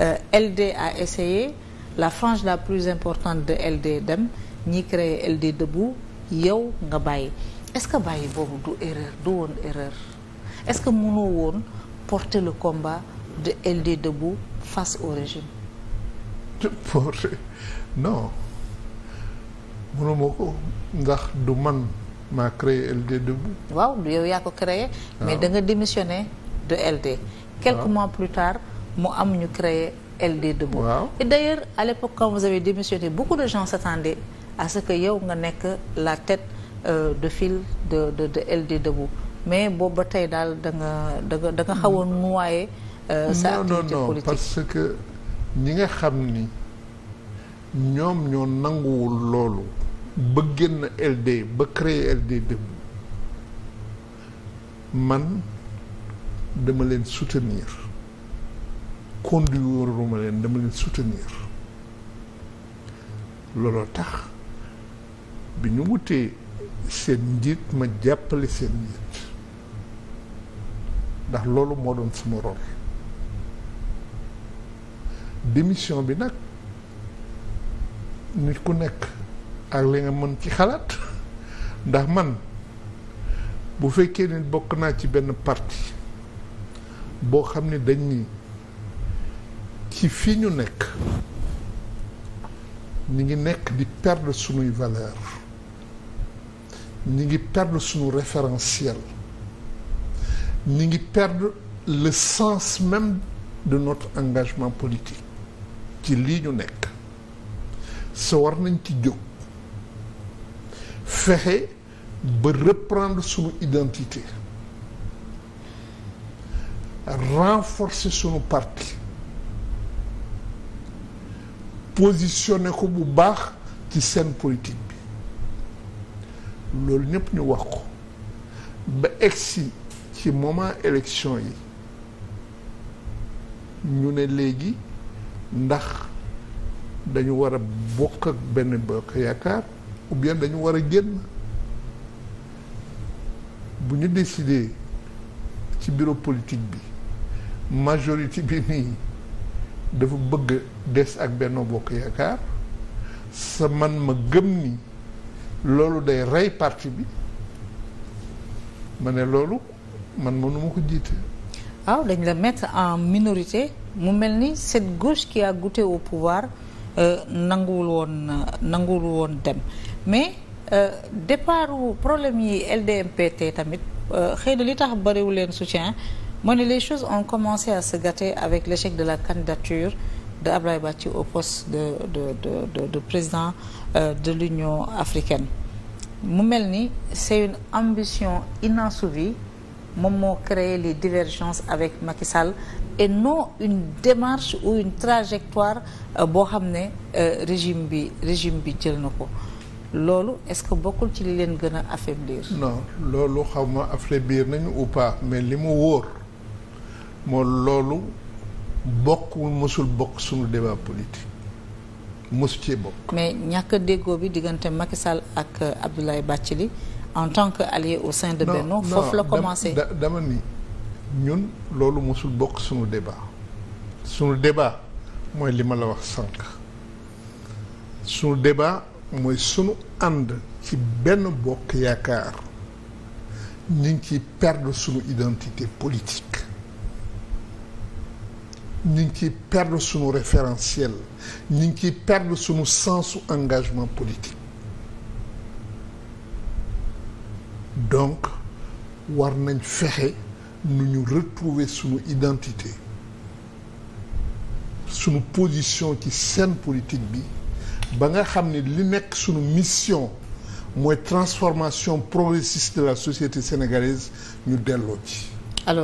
Euh, LD a essayé la frange la plus importante de LD dem ñi créé LD debout yow nga bàyyi est-ce que bàyyi boobu du erreur du woon erreur est-ce que mënoo woon porter le combat de LD debout face au régime. porter non mënuma ko ndax du man maa créé LD debout. waaw du yow yaa ko créé. mais ah. da nga démissionné de LD. quelques ah. mois plus tard. mu am ñu créer LD Debout. waaw et d' à l' époque quand vous avez démissionné beaucoup de gens s'attendaient à ce que yow nga nekk la tête euh, de file de de de LD Debout mais boobu ba tey daal da nga da nga da nga a noyé. Euh, sa activité non, parce que ñi nga xam ni ñoom ñoo nanguwul loolu. ba génn LD ba créer LD Debout man dama leen soutenir. conduire ma leen dama leen soutenir looloo tax bi ñu wutee seen njiit ma jàppale seen njiit ndax loolu moo doon suma rôle démission bi nag nit ku nekk ak li nga mën ci xalaat ndax man bu fekkee ne bokk naa ci benn parti boo xam ne dañ ni ci fi ñu nekk ñi ngi nekk di perdre sunuy valeur ñi ngi perdre sunu référentiel ñi ngi perdre le sens même de notre engagement politique ci lii ñu nekk sa war nañ ci jóg fexe ba reprendre sunu identité renforcer sunu parti positionné ko bu baax ci seen politique bi loolu ñëpp ñu wax ko ba egsi ci moment élection yi ñu ne léegi ndax dañu war a bokk ak benn bokk yaakaar ou bien dañu war a génn bu ñu décidé ci bureau politique bi majorité bi nii dafa bëgg des ak Benno Bokk Yaakaar sa man ma gëm ni loolu day rey parti bi ma ne loolu man ma nu ma ko jiite waaw ah, dañ la mettre en minorité mu mel ni cette gauche qui a goûté au pouvoir euh, nanguwul woon nanguwul woon dem mais euh, départu problème yi LDMPT tamit euh, xëy na li tax bariwu leen soutien moo ne les choses ont commencé à se gâter avec l'échec de la candidature de Abdoulaye Bathily au poste de de de de, président euh, de l'Union africaine mu mel ni c'est une ambition inassouvie moom moo créé les divergences avec Macky Sall et non une démarche ou une trajectoire euh, boo xam ne euh, régime bi régime bi jël na ko loolu est-ce que bokkul ci li leen gën a affaiblir non loolu xaw ma affaiblir nañu ou pas mais li mu wóor moo loolu bokk mosul bokk suñu débat politique mosu cee bokk. mais ñàkk déggoo bi diggante Macky ak ak Abdoulaye Bathily en tant que allié au sein de Benno foofu la commencé dama ni ñun loolu mosul bokk sunu débat suñu débat mooy li ma la wax sànq suñu débat mooy suñu ànd ci benn bokk yaakaar ñu ci ciy sunu suñu identité politique ñu ngi ciy perdre suñu référentiel ñu ngi ciy perdre suñu sensu engagement politique donc war nañ fexe nu ñu retrouver suñu identité sunu position ci seen politique bi ba nga xam ni li nekk sunu mission mooy transformation progressiste de la société sénégalaise ñu delloo ci